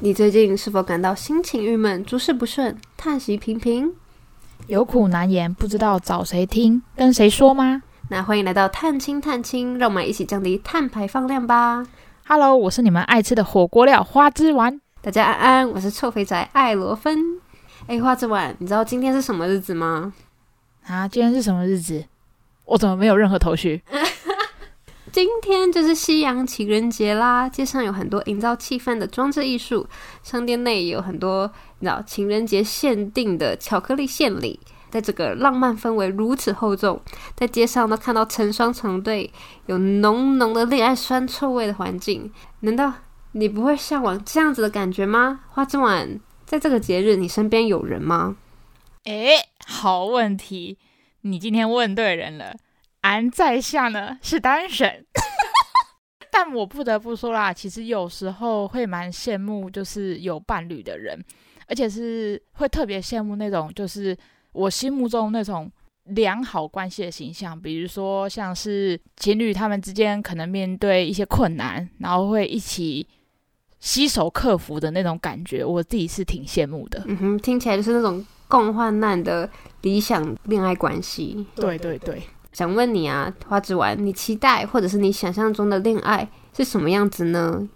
你最近是否感到心情鬱悶、諸事不順、嘆息頻頻、有苦難言，不知道找誰聽、跟誰說嗎？那歡迎來到嘆清探親，讓我們一起降低碳排放量吧。Hello，我是你們愛吃的火鍋料花枝丸。大家安安，我是臭肥宅愛羅芬。誒，花枝丸，你知道今天是什麼日子嗎？啊，今天是什麼日子？我怎麼沒有任何頭緒？ 今天就是西洋情人節啦，街上有很多營造氣氛的裝置藝術，商店內也有很多你知道情人節限定的巧克力獻禮，在這個浪漫氛圍如此厚重，在街上呢看到成雙成對，有濃濃的戀愛酸臭味的環境，難道你不會嚮往這樣子的感覺嗎？花枝丸，在這個節日你身邊有人嗎？誒、欸，好問題，你今天問對人了。俺在下呢是單身， 但我不得不說啦，其實有時候會蠻羨慕，就是有伴侶的人，而且是會特別羨慕那種，就是我心目中那種良好關係的形象，比如說像是情侶他們之間可能面對一些困難，然後會一起攜手克服的那種感覺，我自己是挺羨慕的。嗯哼，聽起來就是那種共患難的理想戀愛關係。對對對。想問你啊，花枝丸，你期待或者是你想象中的戀愛是什麼樣子呢？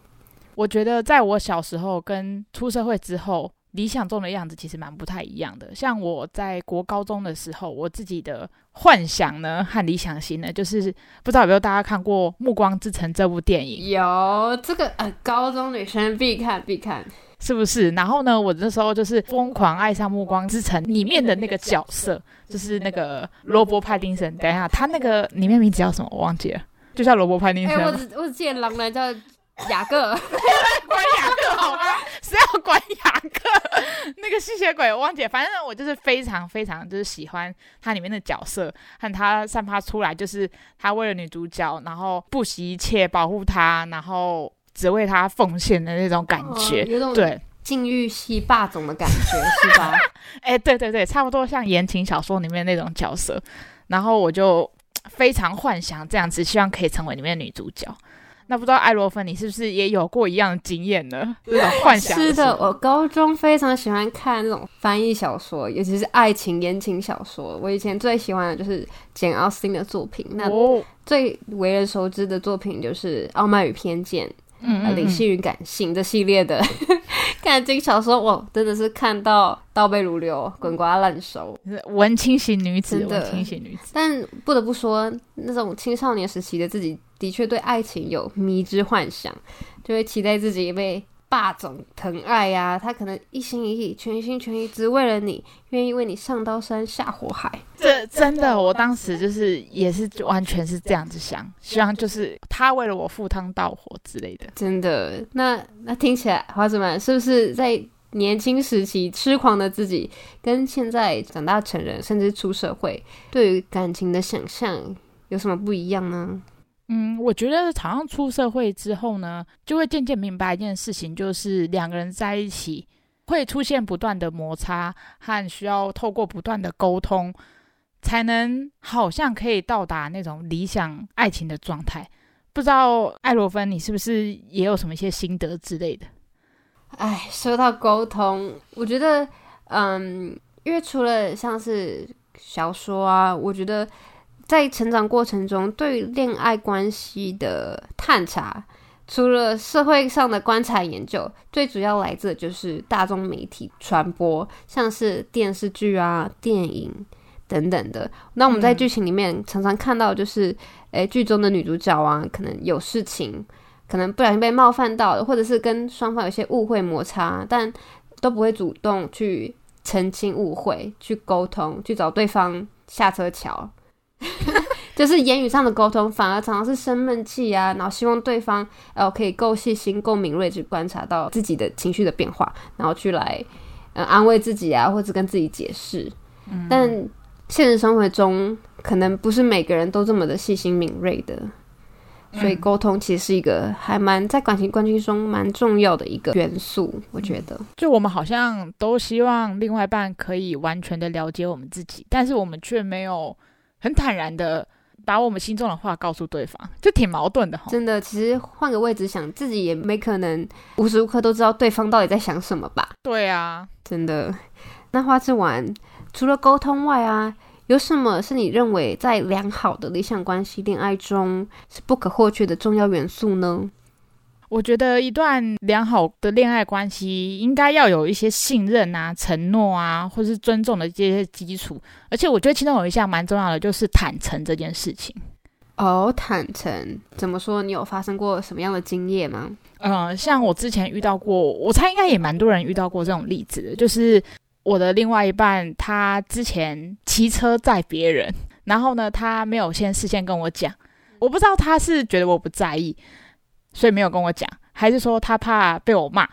我覺得，在我小時候跟出社會之後，理想中的樣子其實蠻不太一樣的。像我在國高中的時候，我自己的幻想呢，和理想型呢，就是不知道有沒有大家看過《暮光之城》這部電影？有這個呃，高中女生必看，必看。是不是？然後呢，我那時候就是瘋狂愛上《暮光之城》裡面的那個角色，就是那個羅伯·派汀森。等一下，他那個裡面名字叫什麼？我忘記了，就叫羅伯·派汀森，哎。我只我只記得狼人叫雅各，誰管 雅各？好嗎？ 誰要管雅各？那個吸血鬼我忘記了。反正我就是非常非常就是喜歡他裡面的角色和他散發出來，就是他為了女主角然後不惜一切保護她，然後。只為他奉獻的那種感覺，對禁慾系霸總的感覺對 是吧？哎、欸，對對對，差不多像言情小說裡面那種角色。然後我就非常幻想這樣子，希望可以成為裡面的女主角。那不知道愛羅芬，你是不是也有過一樣的經驗呢？ 這種幻想的是，是的。我高中非常喜歡看那種翻譯小說，尤其是愛情言情小說。我以前最喜歡的就是簡奧斯汀的作品，那最為人熟知的作品就是《傲慢與偏見》。嗯，嗯，嗯、呃，理性與感性這系列的，嗯嗯、 看這個小說，我、哦、真的是看到倒背如流、滾瓜爛熟。文青型女子，真的文青型女子，但不得不說，那種青少年時期的自己，的確對愛情有迷之幻想，就會期待自己被。霸總疼愛呀、啊，他可能一心一意、全心全意，只為了你，願意為你上刀山下火海。這，這真的，我當時就是也是完全是這樣子想，希望就是他為了我赴湯蹈火之類的。真的，那那聽起來，花子們，是不是在年輕時期痴狂的自己，跟現在長大成人甚至出社會，對於感情的想象有什麼不一樣呢？嗯，我覺得好像出社會之後呢，就會漸漸明白一件事情，就是兩個人在一起會出現不斷的摩擦，和需要透過不斷的溝通，才能好像可以到達那種理想愛情的狀態。不知道愛羅芬，你是不是也有什麼一些心得之類的？唉，說到溝通，我覺得，嗯，因為除了像是小說啊，我覺得。在成長過程中，對戀愛關係的探查，除了社會上的觀察研究，最主要來自就是大眾媒體傳播，像是電視劇啊、電影等等的。那我們在劇情裡面常常看到，就是，哎、嗯，欸、劇中的女主角啊，可能有事情，可能不小心被冒犯到了，或者是跟雙方有些誤會摩擦，但都不會主動去澄清誤會、去溝通、去找對方下車橋。 就是言語上的溝通，反而常常是生悶氣啊，然後希望對方呃可以夠細心、夠敏銳去觀察到自己的情緒的變化，然後去來嗯、呃、安慰自己啊，或者跟自己解釋。嗯、但現實生活中，可能不是每個人都這麼的細心、敏銳的，所以溝通其實是一個還蠻在感情關係中蠻重要的一個元素。嗯、我覺得，就我們好像都希望另外一半可以完全的了解我們自己，但是我們卻沒有。很坦然的把我們心中的話告訴對方，就挺矛盾的。真的，其實換個位置想，自己也沒可能無時無刻都知道對方到底在想什麼吧。對啊，真的。那花枝丸除了溝通外啊，有什麼是你認為在良好的理想關係戀愛中是不可或缺的重要元素呢？我覺得一段良好的戀愛關係應該要有一些信任啊、承諾啊，或者是尊重的這些基礎。而且，我覺得其中有一項蠻重要的就是坦誠這件事情。哦，坦誠怎麼說？你有發生過什麼樣的經驗嗎？嗯、呃，像我之前遇到過，我猜應該也蠻多人遇到過這種例子的，就是我的另外一半他之前騎車載別人，然後呢，他沒有先事先跟我講，我不知道他是覺得我不在意。所以沒有跟我講，還是說他怕被我罵，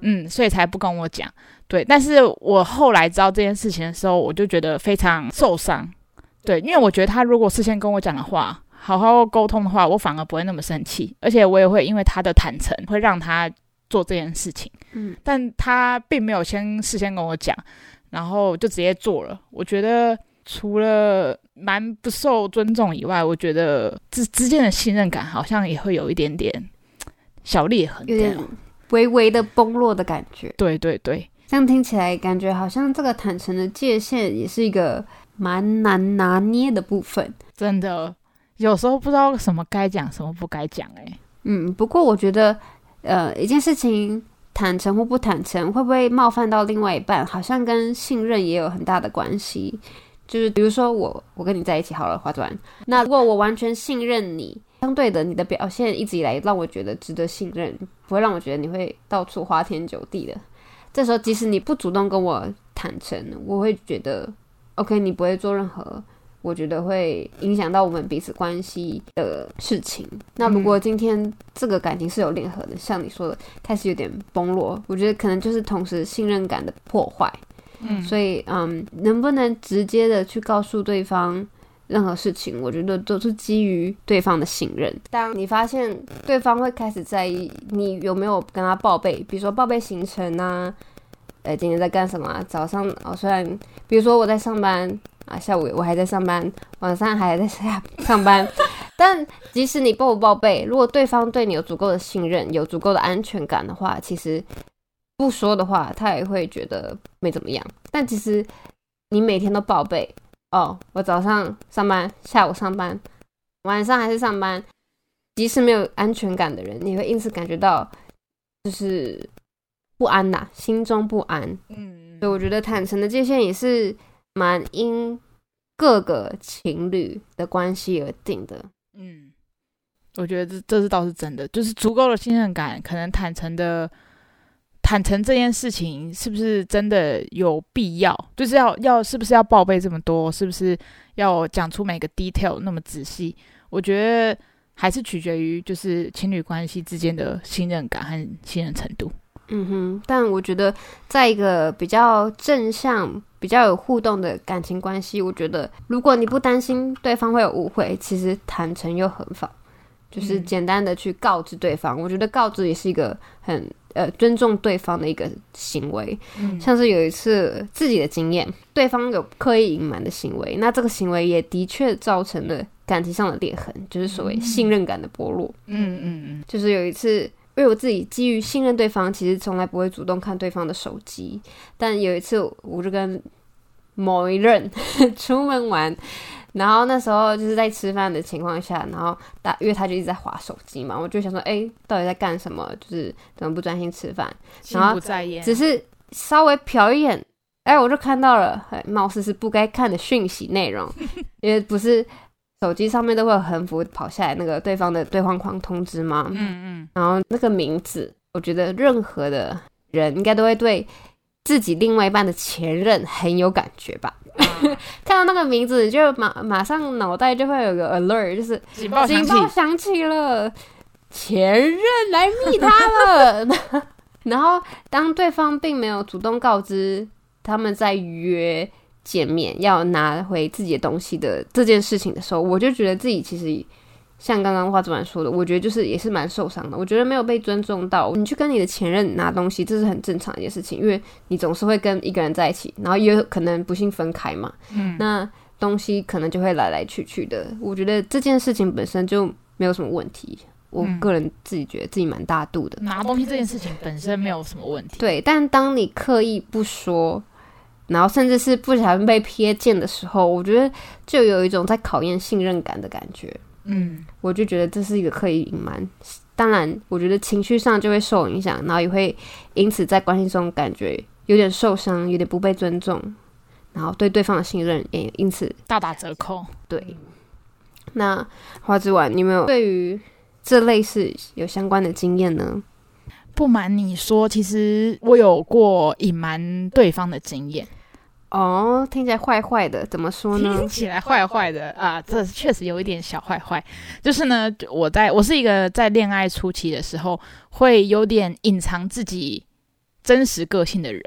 嗯，所以才不跟我講。對，但是我後來知道這件事情的時候，我就覺得非常受傷。對，因為我覺得他如果事先跟我講的話，好好溝通的話，我反而不會那麼生氣，而且我也會因為他的坦誠，會讓他做這件事情。嗯，但他並沒有先事先跟我講，然後就直接做了。我覺得。除了蠻不受尊重以外，我覺得之之間的信任感好像也會有一點點小裂痕，有點微微的崩落的感覺。對對對，這樣聽起來感覺好像這個坦誠的界限也是一個蠻難拿捏的部分。真的，有時候不知道什麼該講，什麼不該講誒。哎，嗯，不過我覺得，呃，一件事情坦誠或不坦誠，會不會冒犯到另外一半，好像跟信任也有很大的關係。就是比如說我我跟你在一起好了，花枝丸。那如果我完全信任你，相對的你的表現一直以來讓我覺得值得信任，不會讓我覺得你會到處花天酒地的。這時候即使你不主動跟我坦誠，我會覺得 OK，你不會做任何我覺得會影響到我們彼此關係的事情。那不過今天這個感情是有裂痕的，像你說的開始有點崩落，我覺得可能就是同時信任感的破壞。嗯、所以，嗯，能不能直接的去告訴對方任何事情？我覺得都是基於對方的信任。當你發現對方會開始在意你有沒有跟他報備，比如說報備行程啊，哎，今天在幹什麼啊？早上，哦，雖然，比如說我在上班啊，下午我還在上班，晚上還在上上班， 但即使你報不報備，如果對方對你有足夠的信任，有足夠的安全感的話，其實。不說的話，他也會覺得沒怎麼樣。但其實你每天都報備哦，我早上上班，下午上班，晚上還是上班。即使沒有安全感的人，你會因此感覺到就是不安吶、啊，心中不安。嗯，所以我覺得坦誠的界限也是蠻因各個情侶的關係而定的。嗯，我覺得這這是倒是真的，就是足夠的信任感，可能坦誠的。坦誠這件事情是不是真的有必要？就是要要是不是要報備這麼多？是不是要講出每個 detail 那麼仔細？我覺得還是取決於就是情侶關係之間的信任感和信任程度。嗯哼，但我覺得在一個比較正向、比較有互動的感情關係，我覺得如果你不擔心對方會有誤會，其實坦誠又何妨，就是簡單的去告知對方，嗯、我覺得告知也是一個很。呃，尊重對方的一個行為，像是有一次自己的經驗，嗯、對方有刻意隱瞞的行為，那這個行為也的確造成了感情上的裂痕，就是所謂信任感的薄弱、嗯。嗯嗯嗯，嗯就是有一次，因為我自己基於信任對方，其實從來不會主動看對方的手機，但有一次，我就跟某一任 出門玩。然後那時候就是在吃飯的情況下，然後打因為他就一直在滑手機嘛，我就想說，哎、欸，到底在幹什麼？就是怎麼不專心吃飯？然後只是稍微瞟一眼，哎、欸，我就看到了，哎、欸，貌似是不該看的訊息內容， 因為不是手機上面都會有橫幅跑下來那個對方的對話框通知嗎？嗯嗯。嗯然後那個名字，我覺得任何的人應該都會對。自己另外一半的前任很有感覺吧？ 看到那個名字，就馬馬上腦袋就會有個 alert，就是警報響起，起了，前任來密他了 然。然後當對方並沒有主動告知他們在約見面，要拿回自己的東西的這件事情的時候，我就覺得自己其實。像剛剛花枝丸說的，我覺得就是也是蠻受傷的。我覺得沒有被尊重到，你去跟你的前任拿東西，這是很正常的一件事情，因為你總是會跟一個人在一起，然後也有可能不幸分開嘛。嗯，那東西可能就會來來去去的。我覺得這件事情本身就沒有什麼問題。我個人自己覺得自己蠻大度的、嗯，拿東西這件事情本身沒有什麼問題。對，但當你刻意不說，然後甚至是不想被瞥見的時候，我覺得就有一種在考驗信任感的感覺。嗯，我就覺得這是一個刻意隱瞞。當然，我覺得情緒上就會受影響，然後也會因此在關係中感覺有點受傷，有點不被尊重，然後對對方的信任也因此大打折扣。對，那花枝丸，你有沒有對於這類似有相關的經驗呢？不瞞你說，其實我有過隱瞞對方的經驗。哦，oh, 聽起來壞壞的，怎麼說呢？聽起來壞壞的、嗯、啊，這確實有一點小壞壞。就是呢，我在我是一個在戀愛初期的時候，會有點隱藏自己真實個性的人，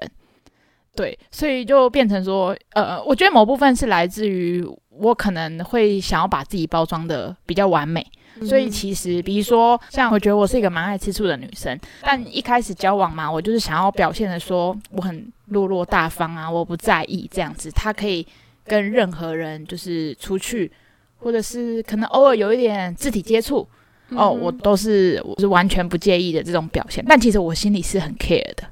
對，所以就變成說，呃，我覺得某部分是來自於我可能會想要把自己包裝的比較完美。所以其實，比如說，像我覺得我是一個蠻愛吃醋的女生，但一開始交往嘛，我就是想要表現的說我很落落大方啊，我不在意這樣子，他可以跟任何人就是出去，或者是可能偶爾有一點肢體接觸哦，我都是我是完全不介意的這種表現，但其實我心裡是很 care 的。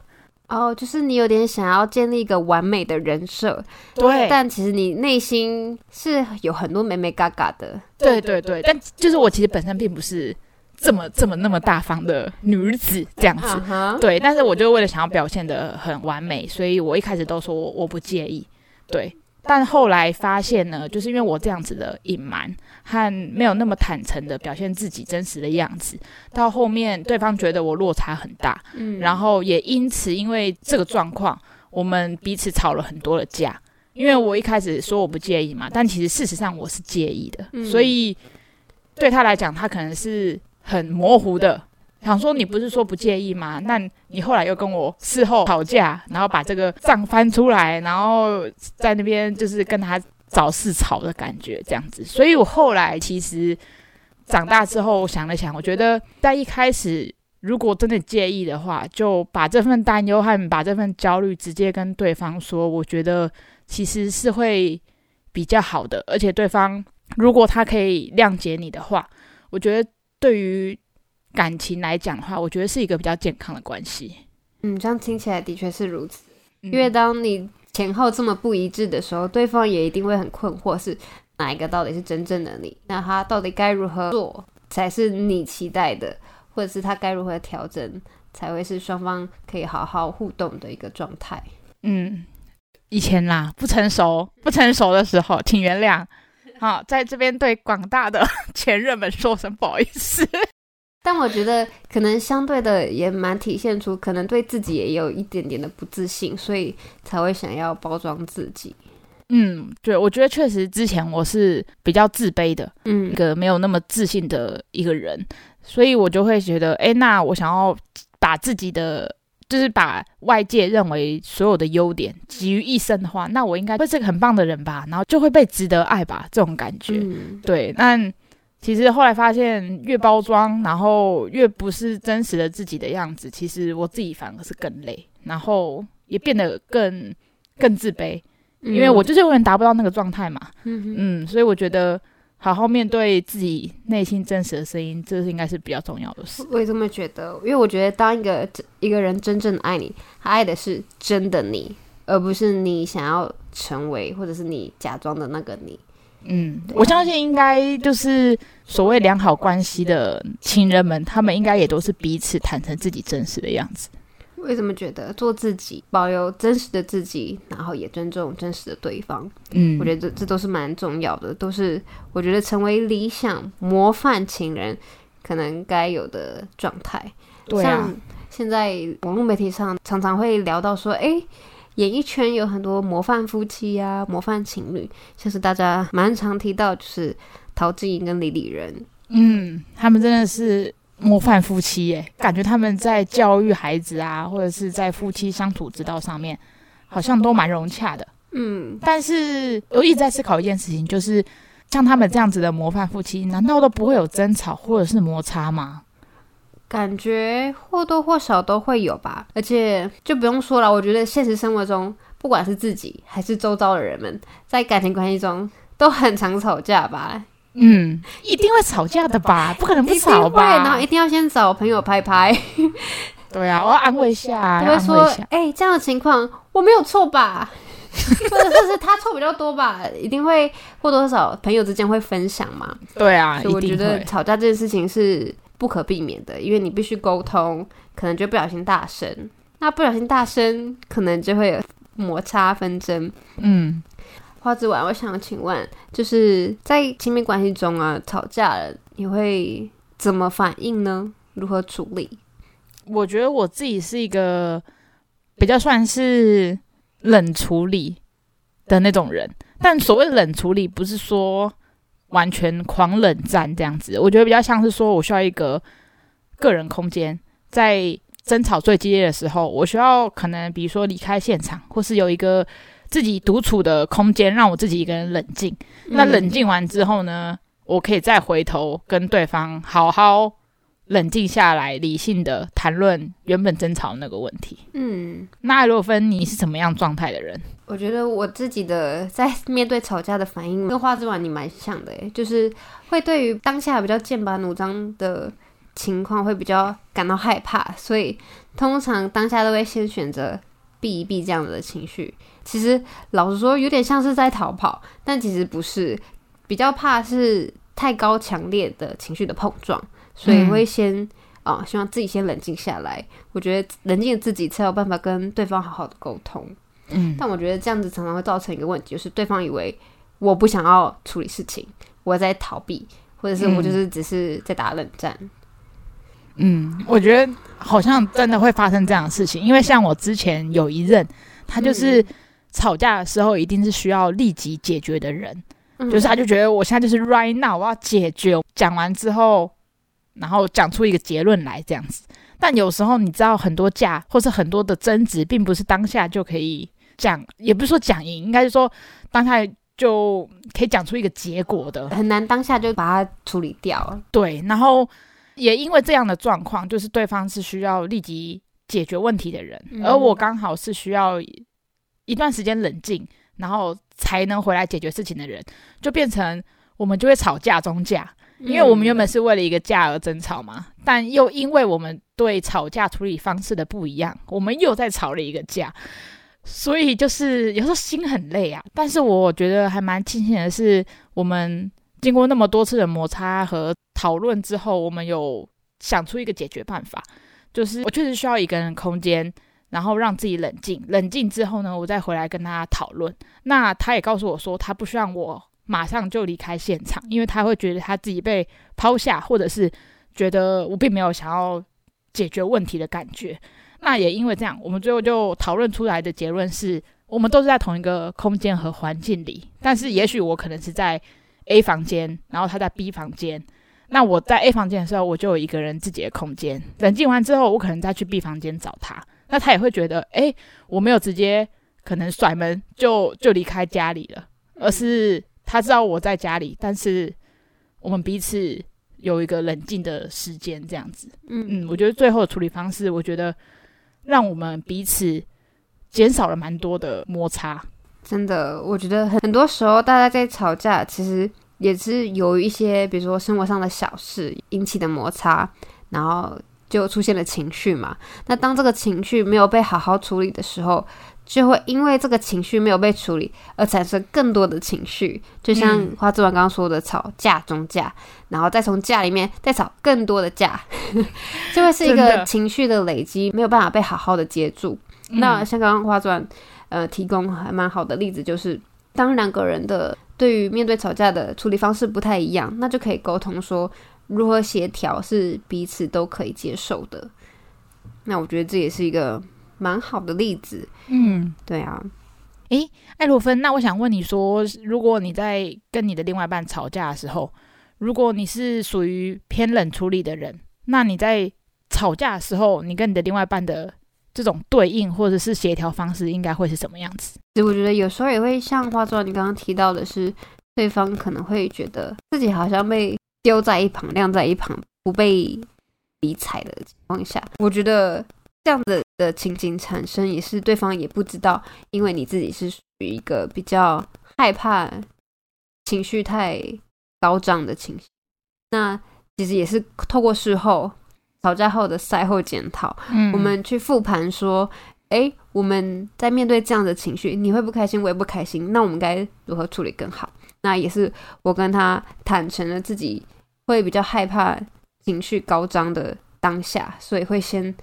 哦，oh，就是你有點想要建立一個完美的人設，對，但其實你內心是有很多美美嘎嘎的，對對對。對對對，但就是我其實本身並不是這麼這麼那麼大方的女子這樣子，對。但是我就為了想要表現得很完美，所以我一開始都說我我不介意，對。但後來發現呢，就是因為我這樣子的隱瞞和沒有那麼坦誠的表現自己真實的樣子，到後面對方覺得我落差很大，嗯，然後也因此因為這個狀況，我們彼此吵了很多的架。因為我一開始說我不介意嘛，但其實事實上我是介意的，嗯，所以對他來講，他可能是很模糊的。想說你不是說不介意嗎？那你後來又跟我事後吵架，然後把這個賬翻出來，然後在那邊就是跟他找事吵的感覺，這樣子。所以我後來其實長大之後我想了想，我覺得在一開始如果真的介意的話，就把這份擔憂和把這份焦慮直接跟對方說，我覺得其實是會比較好的。而且對方如果他可以諒解你的話，我覺得對於。感情來講的話，我覺得是一個比較健康的關係。嗯，這樣聽起來的確是如此。嗯，因為當你前後這麼不一致的時候，對方也一定會很困惑，是哪一個到底是真正的你？那他到底該如何做才是你期待的，或者是他該如何調整才會是雙方可以好好互動的一個狀態？嗯，以前啦，不成熟，不成熟的時候，請原諒。好，在這邊對廣大的前任們說聲不好意思。但我覺得可能相對的也蠻體現出，可能對自己也有一點點的不自信，所以才會想要包裝自己。嗯，對，我覺得確實之前我是比較自卑的，嗯，一個沒有那麼自信的一個人，所以我就會覺得，哎，那我想要把自己的，就是把外界認為所有的優點集於一身的話，那我應該會是個很棒的人吧，然後就會被值得愛吧，這種感覺。嗯、對，那。其實後來發現，越包裝，然後越不是真實的自己的樣子。其實我自己反而是更累，然後也變得更更自卑，因為我就是永遠達不到那個狀態嘛。嗯哼，嗯，所以我覺得好好面對自己內心真實的聲音，這是應該是比較重要的事。我也這麼覺得，因為我覺得當一個一個人真正愛你，他愛的是真的你，而不是你想要成為或者是你假裝的那個你。嗯，我相信應該就是所謂良好關係的情人們，他們應該也都是彼此坦誠自己真實的樣子。為什麼覺得，做自己，保留真實的自己，然後也尊重真實的對方。嗯，我覺得這這都是蠻重要的，都是我覺得成為理想模範情人、嗯、可能該有的狀態。對啊，像現在網絡媒體上常常會聊到說，誒、欸……演藝圈有很多模範夫妻呀、啊，模範情侶，像是大家蠻常提到，就是陶晶瑩跟李李仁，嗯，他們真的是模範夫妻耶、欸，感覺他們在教育孩子啊，或者是在夫妻相處之道上面，好像都蠻融洽的，嗯。但是，我一直在思考一件事情，就是像他們這樣子的模範夫妻，難道都不會有爭吵或者是摩擦嗎？感覺或多或少都會有吧，而且就不用說了。我覺得現實生活中，不管是自己還是周遭的人們，在感情關係中都很常吵架吧。嗯，一定會吵架的吧？不可能不吵吧？對，然後一定要先找朋友拍拍。對啊，我要安慰一下， 他會說：“哎、欸，這樣的情況我沒有錯吧？或者 是他錯比較多吧？”一定會或多或少朋友之間會分享嘛？對啊，所以我覺得吵架這件事情是。不可避免的，因為你必須溝通，可能就不小心大聲。那不小心大聲，可能就會有摩擦、紛爭。嗯，花枝丸，我想請問，就是在親密關係中啊，吵架了你會怎麼反應呢？如何處理？我覺得我自己是一個比較算是冷處理的那種人，但所謂冷處理，不是說，完全狂冷戰這樣子，我覺得比較像是說，我需要一個個人空間，在爭吵最激烈的時候，我需要可能比如說離開現場，或是有一個自己獨處的空間，讓我自己一個人冷靜。嗯。那冷靜完之後呢，我可以再回頭跟對方好好。冷靜下來，理性的談論原本爭吵的那個問題。嗯，那愛羅芬，你是什麼樣狀態的人？我覺得我自己的在面對吵架的反應，跟花枝丸你蠻像的，哎，就是會對於當下比較劍拔弩張的情況，會比較感到害怕，所以通常當下都會先選擇避一避這樣子的情緒。其實老實說，有點像是在逃跑，但其實不是，比較怕是太高強烈的情緒的碰撞。所以我會先啊、嗯哦，希望自己先冷靜下來。我覺得冷靜自己才有辦法跟對方好好的溝通。嗯，但我覺得這樣子常常會造成一個問題，就是對方以為我不想要處理事情，我在逃避，或者是我就是只是在打冷戰。嗯，嗯，我覺得好像真的會發生這樣的事情，因為像我之前有一任，他就是吵架的時候一定是需要立即解決的人，嗯、就是他就覺得我現在就是 right now，我要解決。講完之後。然後講出一個結論來，這樣子。但有時候你知道，很多架或是很多的爭執，並不是當下就可以講，也不是說講贏，應該是說當下就可以講出一個結果的，很難當下就把它處理掉。對，然後也因為這樣的狀況，就是對方是需要立即解決問題的人，嗯，而我剛好是需要一段時間冷靜，然後才能回來解決事情的人，就變成我們就會吵架、中架。因為我們原本是為了一個架而爭吵嘛，但又因為我們對吵架處理方式的不一樣，我們又在吵了一個架，所以就是有時候心很累啊。但是我覺得還蠻慶幸的是，我們經過那麼多次的摩擦和討論之後，我們有想出一個解決辦法，就是我確實需要一個人空間，然後讓自己冷靜，冷靜之後呢，我再回來跟他討論。那他也告訴我說，他不需要我，馬上就離開現場，因為他會覺得他自己被拋下，或者是覺得我並沒有想要解決問題的感覺。那也因為這樣，我們最後就討論出來的結論是我們都是在同一個空間和環境裡，但是也許我可能是在 A 房間，然後他在 B 房間。那我在 A 房間的時候，我就有一個人自己的空間，冷靜完之後，我可能再去 B 房間找他。那他也會覺得，誒，我沒有直接可能甩門就就離開家裡了，而是。他知道我在家裡，但是我們彼此有一個冷靜的時間，這樣子。嗯嗯，我覺得最後的處理方式，我覺得讓我們彼此減少了蠻多的摩擦。真的，我覺得很，很多時候大家在吵架，其實也是由於一些，比如說生活上的小事引起的摩擦，然後就出現了情緒嘛。那當這個情緒沒有被好好處理的時候。就會因為這個情緒沒有被處理，而產生更多的情緒。就像花枝丸剛剛說的，嗯、吵架中架，然後再從架裡面再吵更多的架，呵呵就會是一個情緒的累積，的沒有辦法被好好的接住。嗯、那像剛剛花枝丸，呃，提供還蠻好的例子，就是當兩個人的對於面對吵架的處理方式不太一樣，那就可以溝通說如何協調是彼此都可以接受的。那我覺得這也是一個。蠻好的例子，嗯，對啊，哎，愛羅芬，那我想問你說，如果你在跟你的另外一半吵架的時候，如果你是屬於偏冷處理的人，那你在吵架的時候，你跟你的另外一半的這種對應或者是協調方式，應該會是什麼樣子？我覺得有時候也會像化妝，你剛剛提到的是，對方可能會覺得自己好像被丟在一旁、晾在一旁、不被理睬的情況下，我覺得。這樣子的情景產生也是對方也不知道，因為你自己是屬於一個比較害怕情緒太高漲的情形。那其實也是透過事後吵架後的賽後檢討，嗯，我們去復盤說，哎、欸，我們在面對這樣的情緒，你會不開心，我也不開心，那我們該如何處理更好？那也是我跟他坦承了自己會比較害怕情緒高漲的當下，所以會先。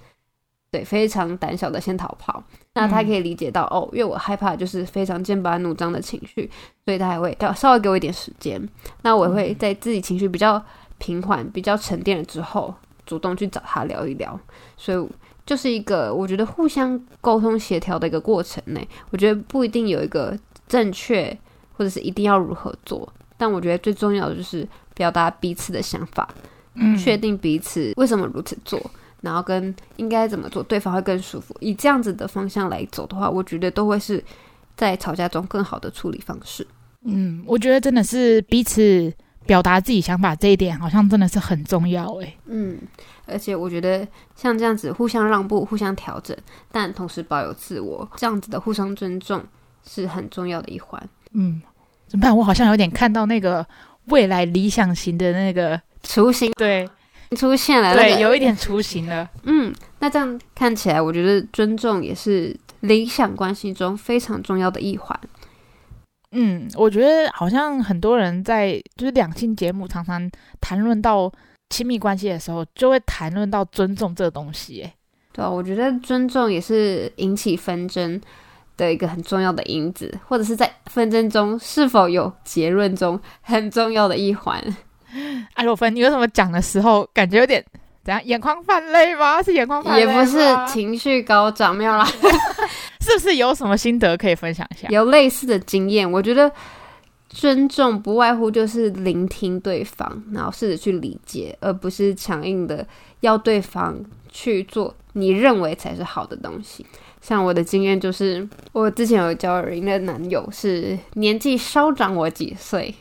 對，非常膽小的先逃跑。那他可以理解到、嗯、哦，因為我害怕就是非常劍拔弩張的情緒，所以他還會要稍微給我一點時間。那我會在自己情緒比較平緩、嗯、比較沉澱了之後，主動去找他聊一聊。所以就是一個我覺得互相溝通協調的一個過程呢。我覺得不一定有一個正確，或者是一定要如何做，但我覺得最重要的就是表達彼此的想法，嗯、確定彼此為什麼如此做。然後跟應該怎麼做，對方會更舒服。以這樣子的方向來走的話，我覺得都會是在吵架中更好的處理方式。嗯，我覺得真的是彼此表達自己想法這一點，好像真的是很重要哎。嗯，而且我覺得像這樣子互相讓步、互相調整，但同時保有自我，這樣子的互相尊重是很重要的一環。嗯，怎麼辦？我好像有點看到那個未來理想型的那個雛形，對。出現了、這個，對，有一點雛形了。嗯，那這樣看起來，我覺得尊重也是理想關係中非常重要的一環。嗯，我覺得好像很多人在就是兩性節目常常談論到親密關係的時候，就會談論到尊重這個東西。誒，對啊，我覺得尊重也是引起紛爭的一個很重要的因子，或者是在紛爭中是否有結論中很重要的一環。愛羅芬，你為什麼講的時候感覺有點怎樣？眼眶泛淚嗎？是眼眶泛淚，也不是情緒高漲。沒有啦。 是不是有什麼心得可以分享一下？有類似的經驗，我覺得尊重不外乎就是聆聽對方，然後試着去理解，而不是強硬的要對方去做你認為才是好的東西。像我的經驗就是，我之前有交人的男友，是年紀稍長我幾歲。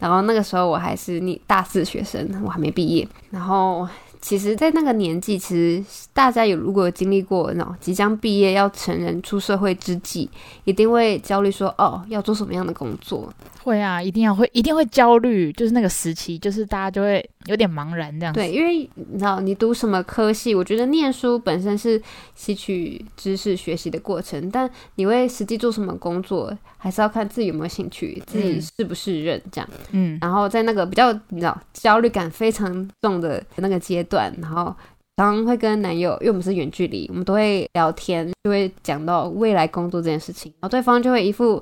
然後那個時候我還是你大四學生，我還沒畢業。然後。其實，在那個年紀，其實大家有如果有經歷過，那即將畢業要成人出社會之際，一定會焦慮說，說哦，要做什麼樣的工作？會啊，一定要會，一定會焦慮，就是那個時期，就是大家就會有點茫然這樣子。對，因為你知道你讀什麼科系，我覺得念書本身是吸取知識、學習的過程，但你會實際做什麼工作，還是要看自己有沒有興趣，自己適不適應、嗯、這樣。嗯，然後在那個比較你知道焦慮感非常重的那個階段。短，然後常會跟男友，因為我們是遠距離，我們都會聊天，就會講到未來工作這件事情，然後對方就會一副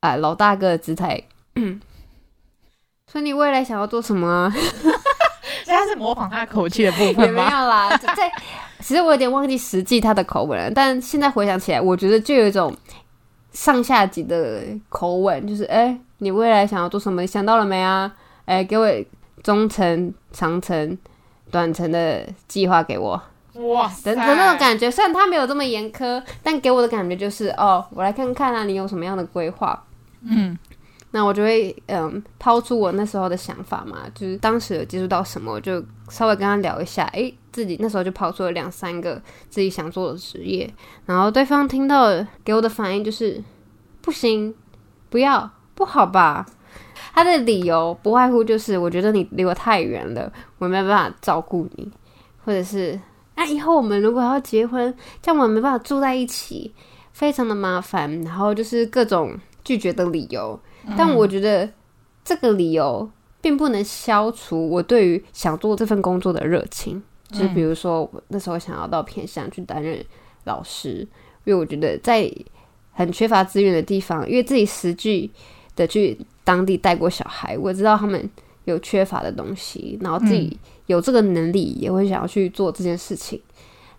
啊、呃，老大哥的姿態，所以你未來想要做什麼、啊？哈哈哈，是模仿他口氣的部分嗎？沒有啦，在， 其實我有點忘記實際他的口吻了，但現在回想起來，我覺得就有一種上下級的口吻，就是哎，你未來想要做什麼？你想到了沒啊？哎，給我中程、長程。短程的計劃給我哇塞，等等那種感覺，雖然他沒有這麼嚴苛，但給我的感覺就是哦，我來看看啊，你有什麼樣的規劃？嗯，那我就會嗯拋出我那時候的想法嘛，就是當時有接觸到什麼，就稍微跟他聊一下。哎，自己那時候就拋出了兩三個自己想做的職業，然後對方聽到了給我的反應就是不行，不要，不好吧。他的理由不外乎就是，我覺得你離我太遠了，我沒有辦法照顧你，或者是，那、啊、以後我們如果要結婚，這樣我們沒辦法住在一起，非常的麻煩。然後就是各種拒絕的理由，但我覺得這個理由並不能消除我對於想做這份工作的熱情。就是、比如說，那時候想要到偏鄉去擔任老師，因為我覺得在很缺乏資源的地方，因為自己實際的去。當地帶過小孩，我也知道他們有缺乏的東西，然後自己有這個能力，嗯、也會想要去做這件事情。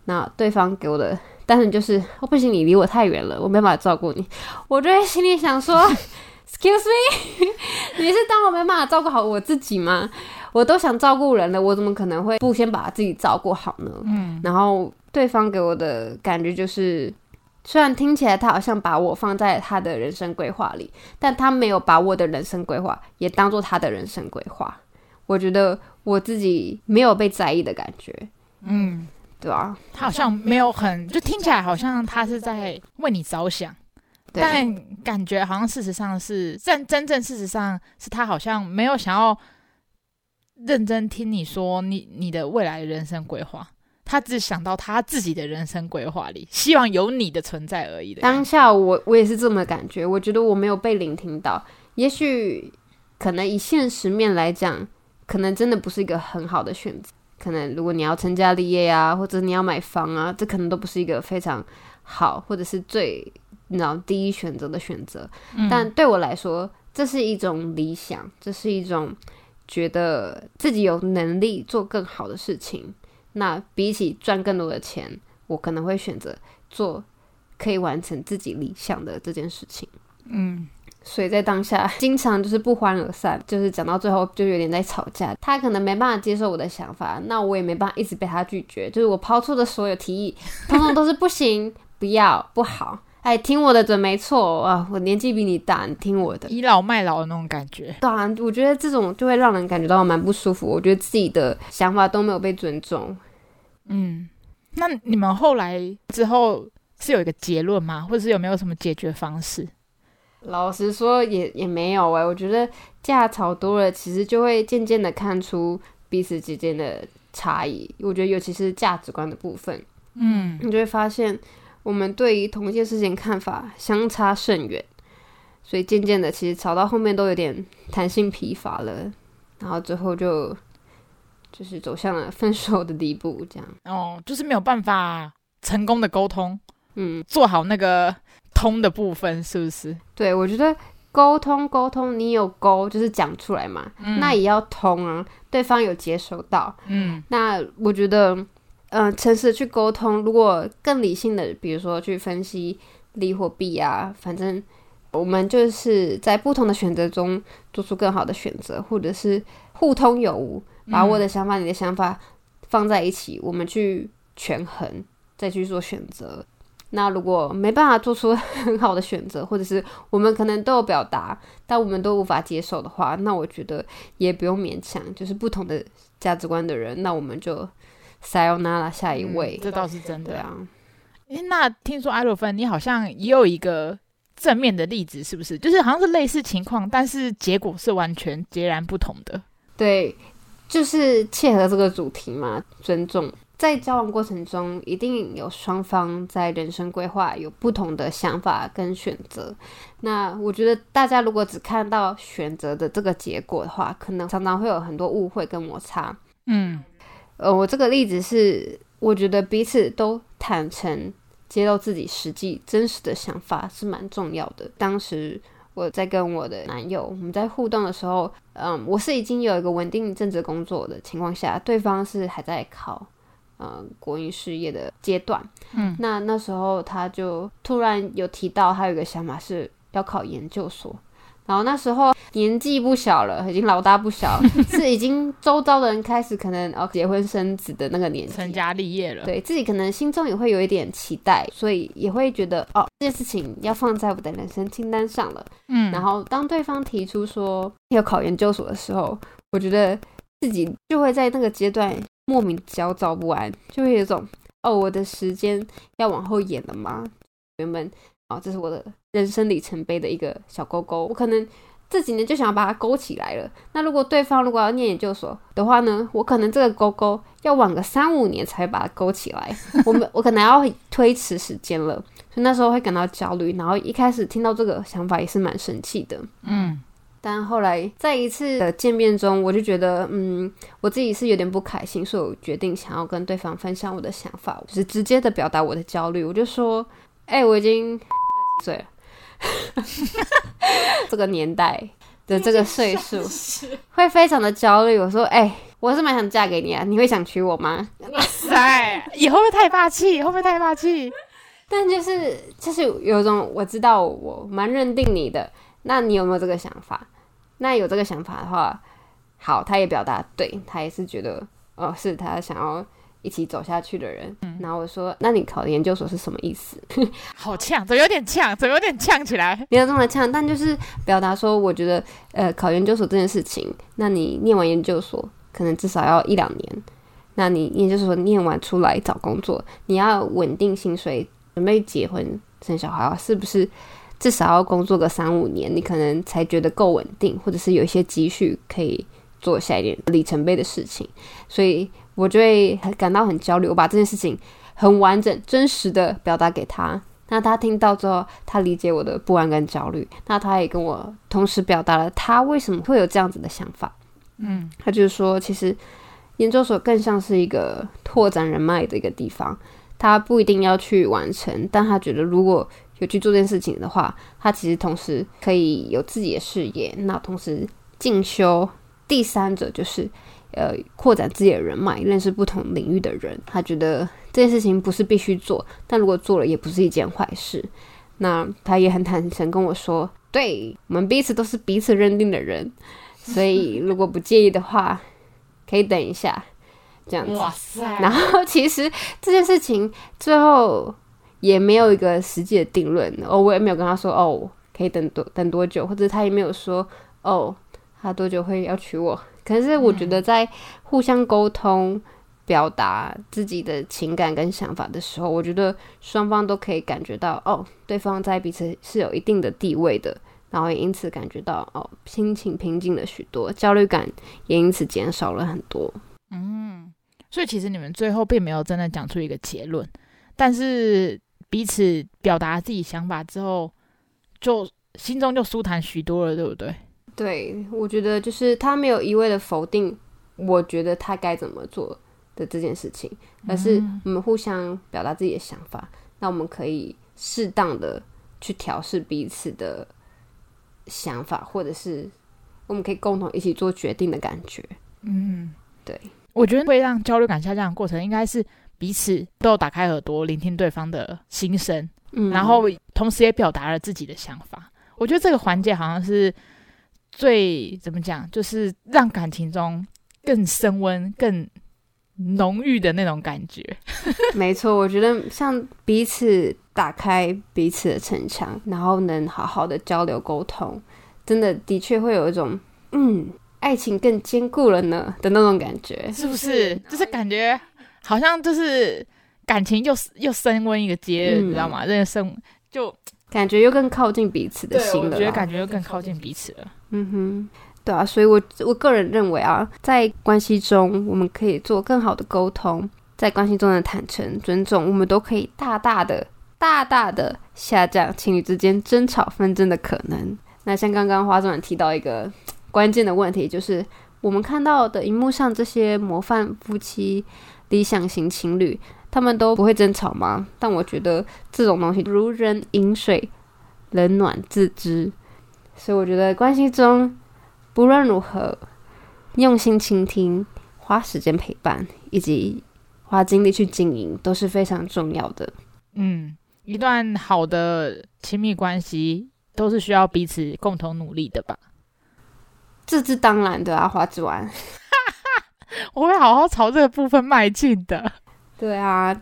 那對方給我的，但是就是，哦，不行，你離我太遠了，我沒辦法照顧你。我就在心裡想說 ，Excuse me？ 你是當我沒辦法照顧好我自己嗎？我都想照顧人了，我怎麼可能會不先把自己照顧好呢？嗯，然後對方給我的感覺就是，雖然聽起來他好像把我放在他的人生規劃裡，但他沒有把我的人生規劃也當做他的人生規劃。我覺得我自己沒有被在意的感覺。嗯，對啊，他好像沒有很，就聽起來好像他是在為你着想，對但感覺好像事實上是，但真正事實上是他好像沒有想要認真聽你說你你的未來的人生規劃。他只想到他自己的人生規劃裡，希望有你的存在而已的。當下我我也是這麼感覺，我覺得我沒有被聆聽到。也許可能以現實面來講，可能真的不是一個很好的選擇。可能如果你要成家立業啊，或者你要買房啊，這可能都不是一個非常好或者是最然後第一選擇的選擇。嗯。但對我來說，這是一種理想，這是一種覺得自己有能力做更好的事情。那比起賺更多的錢，我可能會選擇做可以完成自己理想的這件事情。嗯，所以在當下，經常就是不歡而散，就是講到最後就有點在吵架。他可能沒辦法接受我的想法，那我也沒辦法一直被他拒絕。就是我拋出的所有提議，通通都是不行、 不要、不好。哎，聽我的準沒錯啊！我年紀比你大，你聽我的，倚老賣老的那種感覺。當然，我覺得這種就會讓人感覺到蠻不舒服。我覺得自己的想法都沒有被尊重。嗯，那你們後來之後是有一個結論嗎？或者是有沒有什麼解決方式？老實說，也也沒有哎。我覺得架吵多了，其實就會漸漸的看出彼此之間的差異。我覺得，尤其是價值觀的部分，嗯，你就會發現。我們對於同一件事情看法相差甚遠，所以漸漸的，其實吵到後面都有點彈性疲乏了，然後最後就就是走向了分手的地步，這樣。哦，就是沒有辦法成功的溝通，嗯，做好那個通的部分，是不是？對，我覺得溝通，溝通，你有溝就是講出來嘛，嗯，那也要通啊，對方有接收到，嗯，那我覺得。嗯、呃，誠實的去溝通。如果更理性的，比如說去分析利或弊啊，反正我們就是在不同的選擇中做出更好的選擇，或者是互通有無，把我的想法、你的想法放在一起，嗯、我們去權衡，再去做選擇。那如果沒辦法做出很好的選擇，或者是我們可能都有表達，但我們都無法接受的話，那我覺得也不用勉強。就是不同的價值觀的人，那我們就。塞歐娜拉，ara, 下一位、嗯，這倒是真的啊誒。那聽說愛羅芬，你好像也有一個正面的例子，是不是？就是好像是類似情況，但是結果是完全截然不同的。對，就是契合這個主題嘛。尊重在交往過程中，一定有雙方在人生規劃有不同的想法跟選擇。那我覺得大家如果只看到選擇的這個結果的話，可能常常會有很多誤會跟摩擦。嗯。呃，我這個例子是，我覺得彼此都坦誠，揭露自己實際真實的想法是蠻重要的。當時我在跟我的男友，我們在互動的時候，嗯，我是已經有一個穩定正職工作的情況下，對方是還在考，嗯國營事業的階段。嗯，那那時候他就突然有提到，他有一個想法是要考研究所。然後那時候年紀不小了，已經老大不小， 是已經周遭的人開始可能哦結婚生子的那個年紀，成家立業了。對自己可能心中也會有一點期待，所以也會覺得哦這件事情要放在我的人生清單上了。嗯，然後當對方提出說要考研究所的時候，我覺得自己就會在那個階段莫名焦躁不安，就會有一種哦我的時間要往後延了嗎？原本。這是我的人生里程碑的一個小勾勾，我可能這幾年就想要把它勾起來了。那如果對方如果要念研究所的話呢，我可能這個勾勾要晚個三五年才把它勾起來。我們我可能要推遲時間了，所以那時候會感到焦慮。然後一開始聽到這個想法也是蠻生氣的，嗯。但後來在一次的見面中，我就覺得，嗯，我自己是有點不開心，所以我決定想要跟對方分享我的想法，就是直接的表達我的焦慮。我就說，哎，我已經。對，歲 這個年代的這個歲數，會非常的焦慮。我說，哎、欸，我是蠻想嫁給你啊，你會想娶我嗎？哇 塞，以後會太霸氣，會不會太霸氣？但就是就是有一種，我知道我蠻認定你的，那你有沒有這個想法？那有這個想法的話，好，他也表達，對他也是覺得，哦，是他想要。一起走下去的人，嗯、然後我說：“那你考研究所是什麼意思？” 好嗆，怎麼有點嗆？怎麼有點嗆起來？沒有這麼嗆，但就是表達說，我覺得呃，考研究所這件事情，那你念完研究所可能至少要一兩年，那你研究所念完出來找工作，你要穩定薪水，準備結婚生小孩、啊，是不是至少要工作個三五年？你可能才覺得夠穩定，或者是有一些積蓄可以做下一點里程碑的事情，所以。我就會很感到很焦慮，我把這件事情很完整、真實的表達給他，那他聽到之後，他理解我的不安跟焦慮，那他也跟我同時表達了他為什麼會有這樣子的想法。嗯，他就是說，其實研究所更像是一個拓展人脈的一個地方，他不一定要去完成，但他覺得如果有去做這件事情的話，他其實同時可以有自己的事業，那同時進修。第三者就是。呃，擴展自己的人脈，認識不同領域的人。他覺得這件事情不是必須做，但如果做了，也不是一件壞事。那他也很坦誠跟我說，對我們彼此都是彼此認定的人，所以如果不介意的話，可以等一下，這樣子。哇塞！然後其實這件事情最後也沒有一個實際的定論。哦，我也沒有跟他說哦，可以等多等多久，或者他也沒有說哦，他多久會要娶我。可是我覺得在互相溝通、表達自己的情感跟想法的時候，我覺得雙方都可以感覺到，哦，對方在彼此是有一定的地位的，然後也因此感覺到，哦，心情平靜了許多，焦慮感也因此減少了很多。嗯，所以其實你們最後並沒有真的講出一個結論，但是彼此表達自己想法之後，就心中就舒坦許多了，對不對？對，我覺得就是他沒有一味的否定，我覺得他該怎麼做的這件事情，而是我們互相表達自己的想法，嗯、那我們可以適當的去調試彼此的想法，或者是我們可以共同一起做決定的感覺。嗯，對，我覺得會讓焦慮感下降的過程，應該是彼此都有打開耳朵，聆聽對方的心聲，嗯、然後同時也表達了自己的想法。我覺得這個環節好像是。最怎麼講，就是讓感情中更升溫、更濃郁的那種感覺。 沒錯，我覺得像彼此打開彼此的城牆，然後能好好的交流溝通，真的的確會有一種嗯，愛情更堅固了呢的那種感覺，是不是？就是感覺好像就是感情又又升溫一個階，嗯、你知道嗎？這、那個升就感覺又更靠近彼此的心了，我覺得感覺又更靠近彼此了。嗯哼，對啊，所以我，我我個人認為啊，在關係中，我們可以做更好的溝通，在關係中的坦誠、尊重，我們都可以大大的、大大的下降情侶之間爭吵紛爭的可能。那像剛剛花枝丸提到一個關鍵的問題，就是我們看到的熒幕上這些模範夫妻、理想型情侶，他們都不會爭吵嗎？但我覺得這種東西如人飲水，冷暖自知。所以我覺得，關係中不論如何，用心傾聽、花時間陪伴以及花精力去經營都是非常重要的。嗯，一段好的親密關係都是需要彼此共同努力的吧？這是當然的啊，花枝丸， 我會好好朝這個部分邁進的。對啊，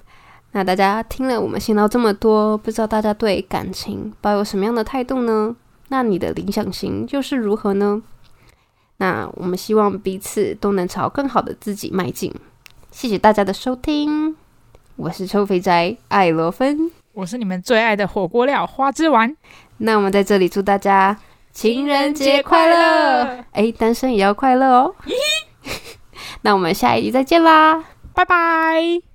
那大家聽了我們先聊這麼多，不知道大家對感情抱有什麼樣的態度呢？那你的理想型又是如何呢？那我們希望彼此都能朝更好的自己邁進。謝謝大家的收聽，我是臭肥宅愛羅芬，我是你們最愛的火鍋料花枝丸。那我們在這裡祝大家情人節快樂，哎， 單身也要快樂哦。 那我們下一集再見啦，拜拜。